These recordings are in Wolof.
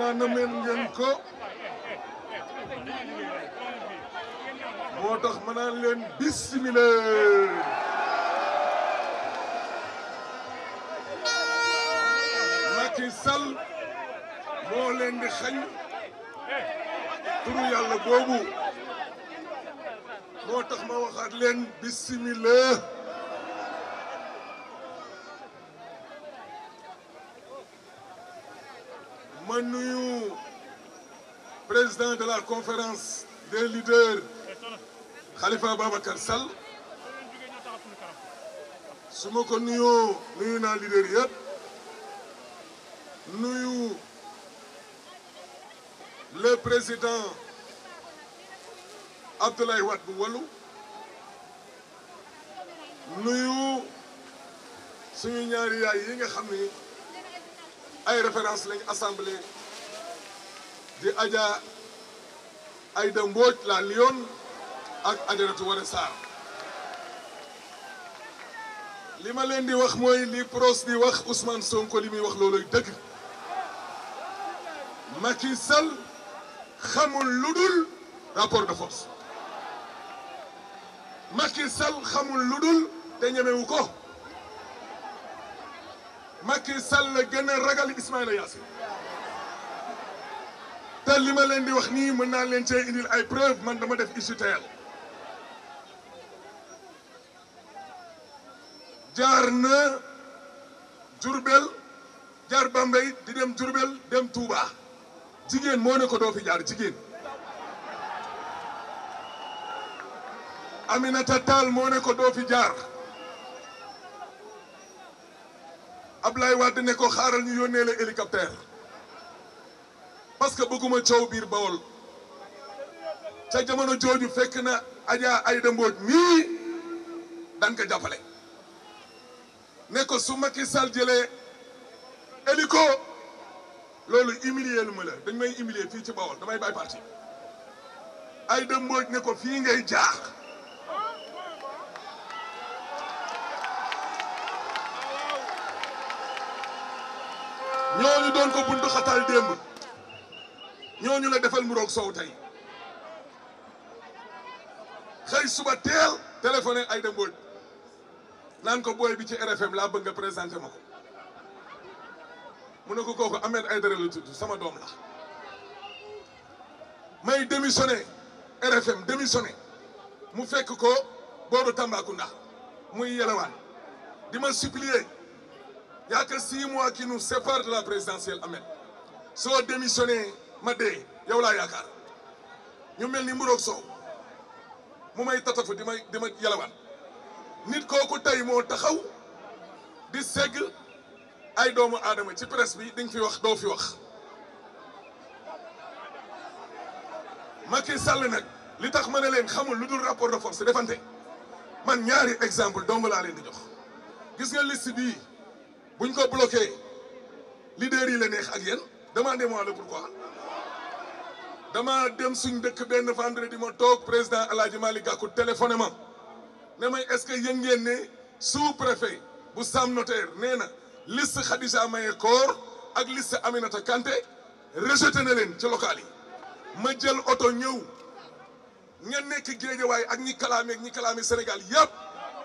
naa nameen ngeen ko moo tax ma naan leen bismillah Macky Sall moo leen di xañ turu yàlla boobu moo tax ma waxaat leen ma nuyu président de la conférence des leaders Khalifa Babacar Sall su ma ko nuyoo nuyu naa leader yëpp nuyu le président Abdoulaye Wade bu Wallu nuyu suñu ñaari yaay yi nga xam ni ay référence lañu assemblée di Adja Aïda Mbodj la Lyon ak Adjaratu Waré Sarr li ma leen di wax mooy li pros di wax Ousmane Sonko li muy wax looluy dëgg Macky Sall xamul lu dul rapport de force Macky xamul lu dul te ñemewu ko Macky Sall la a ragal Ismaïla Yassine te li leen di wax ni mën naa leen cee indil ay preuve man dama def UGTL jaar na Diourbel jaar Bambey di dem Diourbel dem Touba jigéen moo ne ko doo fi jaar jigéen Aminata Tall moo ne ko doo fi jaar Ablaye Wade ne ko xaaral ñu yónnee la hélicoptère parce que bëgguma coow biir Bawol ca jamono jooju fekk na Adja ay Mbodj mii daan ko jàppale ne ko su ma Sall jëlee hélico loolu humilier lu ma la dañ may humilier fii ci Bawol damay bàyyi parti Aïda Mbodj ne ko fii ngay jaax ñooñu doon ko buntu xatal démb ñooñu la defal mu roog soow tey xëy suba teel téléphoné Aïda Mbodj naan ko booy bi ci RFM laa bëgg a présenté ma ko mu ne ko kooku Ahmed Aïdara la tudd sama doom la may démissionné RFM démissionné mu fekk ko booru Tambacounda muy yelawaan di ma supplier y a que six mois qui nous de la présidentielle Ahmed soo démissionné ma dee yow laa yaakaar ñu mel ni mburoog soow mu may tatafu di may di ma yalawaan nit kooku tey moo taxaw di segg ay doomu aadama ci presse bi di nga fi wax doo fi wax Macky Sall nag li tax ma ne leen xamul lu dul rapport de force defante man ñaari exemple dong laa leen di jox gis nga liste bii bu buñ ko bloqué leader yi la neex ak yéen demandez-moi le pourquoi dama dem suñ dëkk benn vendredi ma toog président El Hadj Malick Gakou téléphoné ma ne may est-ce que yëg ngeen ne su préfet bu Sam Notaire nee na liste Khadija Maye Koor ak list liste Aminata Kanté rejeté na leen ci local yi ma jël oto ñëw ña nekk Guédiawaye ak ñi kalaame ak ñi kalaame Sénégal yëpp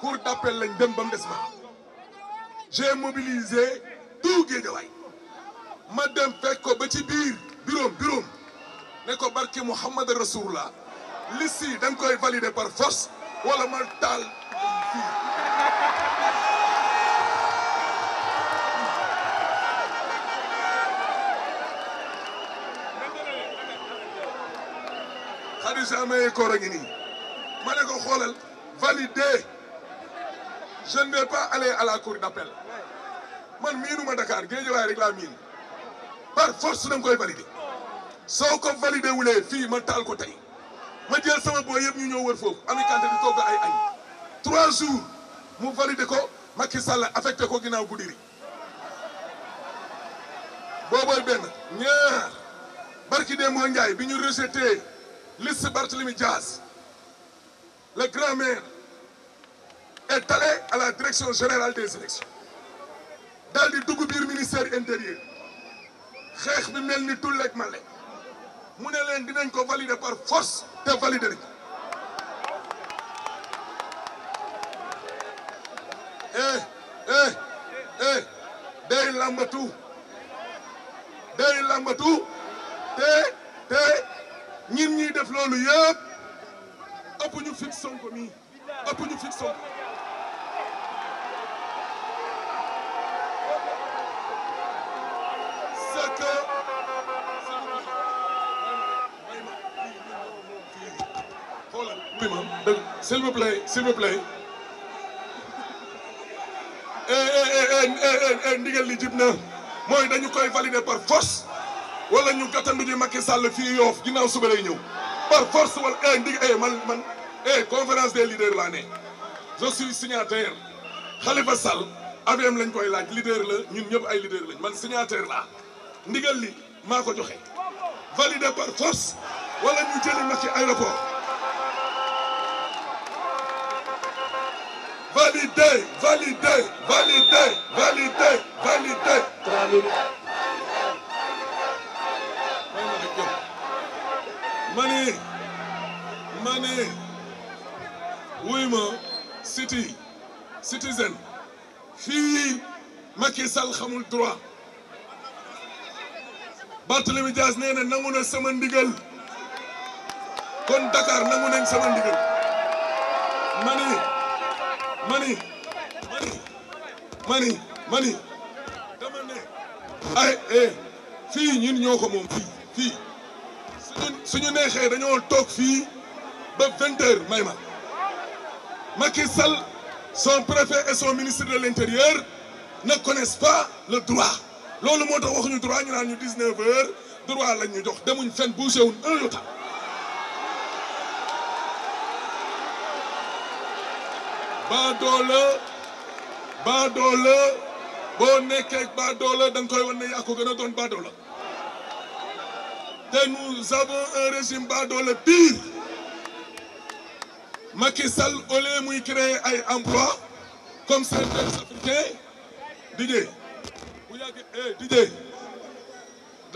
cour d'appel lañ dem ba des ma j'ai mobilisé tout Guédiawaye ma dem fekk ko ba ci biir bureau bureau ne ko barke Mouhamad Rasulullah liste yi da nga koy valider par force wala ma taal fii Khadija Maye ma ne ko xoolal valider je ne pas aller à la cour d'appel man miinuma Dakar Guédiawaye rek par force da nga koy valider soo ko valider wulee fii ma taal ko tey ma jël sama boo yëpp ñu ñëw wër foofu Ami Kanté di togg ay añ trois jours mu valider ko Macky Sall affecté ko ginnaaw Goudiry boobooy benn ñaar barki dee bi ñu rejeté liste Barthélemy Dias le grand maire est allé à la direction générale des élections daal dugg biir ministère intérieur xeex bi mel ni tulleeg male mu ne leen dinañ ko valider par force te valider nañ eh eh eh day làmbatu te te ñin ñiy def loolu yëpp ëpp ñu fit Sonko mii ëpp ñu fit Sonko dëgg s'il vous plaît s'il vous plaît eh, eh, eh, ndigal li jib na mooy dañu koy valider par force wala ñu gàttandu ji Macky Sall fii Yoff ginnaaw suba lay ñëw par force wala eh ndig man man eh conférence des leaders laa ne je suis signataire Khalifa Sall AVM lañ koy laaj leader la ñun ñëpp ay leader lañ man signataire laa ndigal li maa ko joxe valider par force wala ñu jëli Macky aéroport. valider, valider, valider, valider, valider. mani mani wuy ma city citizen fii Macky Sall xamul droit Barthélemy Dias nangu na sama ndigal kon Dakar nangu nañ sama mani mani mani dama ne ay eh fii ñun ñoo ko moom fii fii suñu suñu neexee dañoo toog fii ba vingt heures may ma Macky Sall son préfet et son ministre de l'intérieur ne connaissent pas le droit loolu moo tax waxuñu droit ñu naan ñu dix-neuf droit lañ ñu jox demuñ fenn bougé wuñ un baa baadoola boo nekkee baadoola da nga koy wan ne yaa ko gën a doon baadoola te nous avons un régime baadoola pire Macky Sall au muy créer ay emploi comme certains africains Didier bu yàggee eh Didier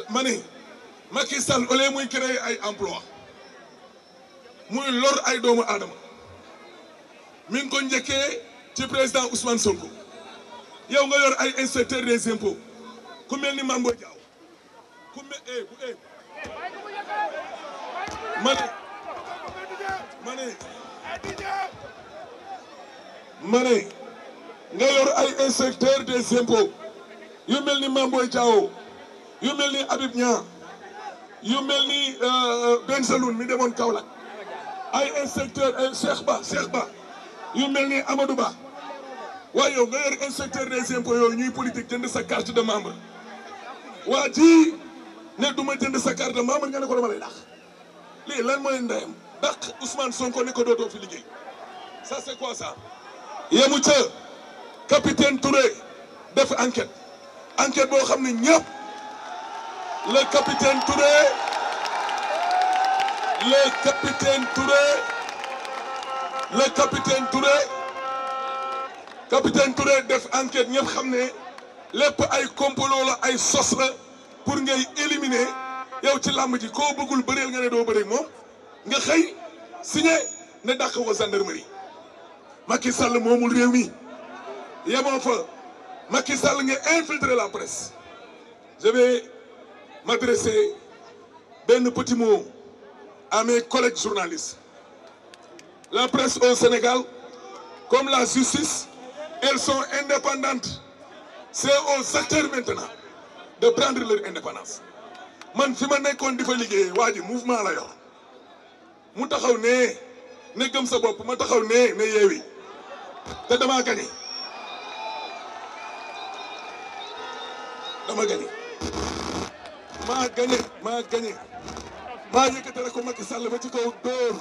ma ni muy créer ay emploi muy lor ay doomu aadama mi ngi ko njëkkee ci président Ousmane Sonko yow nga yor ay inspecteur des impôts ku mel ni Mame Boye Diao ku mel eh, eh. ma ne nga yor ay inspecteur de impôts yu mel ni Mame Boye yu mel ni Habib Niang yu mel ni euh, euh, benn Saloum mi demoon Kaolack ay inspecteur ay eh, Cheikh Ba Cheikh Ba yu mel ne Amadou Ba waaye yow nga yor inspecteur des impôts yooyu ñuy politique jënd sa carte de membre waa ji ne du ma jënd sa carte de membre nga ne ko dama lay lii lan mooy ndeyam dàq Ousmane Sonko ne ko dootoo fi liggéey ça yemu ca capitaine Touré def enquête enquête boo xam ne ñëpp le capitaine Touré le capitaine Touré. le capitaine Touré capitaine Touré def enquête ñëpp xam ne lépp ay complot la ay sos la pour ngay éliminer yow ci làmb ji koo bëggul bëreel nga ne doo bëreeg moom nga xëy signé ne dàq wa gendarmerie Macky Sall moomul réew mi yemoo fa Macky Sall nga infiltrer la presse je vais m'adresser benn petit mot à mes la presse au Sénégal, comme la justice, elles sont indépendantes. C'est aux acteurs maintenant de prendre leur indépendance. man fi ma nekkoon di fa liggéey waa ji mouvement la yor mu taxaw nee ne gëm sa bopp ma taxaw nee ne yeewi te dama gagné dama gagné maa gagné maa gagné maa yëkkati rek ko Macky Sall ba ci kaw dóor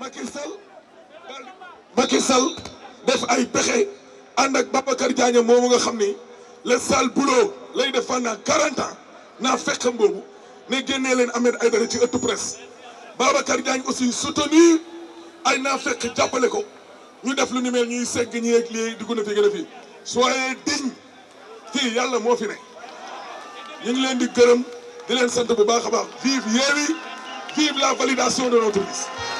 Macky Sall Macky Sall def ay pexe ànd ak Babacar Diagne moomu nga xam ni le sale boulot lay def pendant 40 ans naa fekkam boobu ne génnee leen Ahmed Aïdara ci ëttu presse Babacar Diagne aussi su soutenu ay naa fekk jàppale ko ñu def lu ni mel ñuy segg ñi ak lii dugg na fi gën a fi soyez fii yàlla moo fi ne ñu ngi leen di gërëm di leen sant bu baax a baax vive Yewwi vive la validation de notre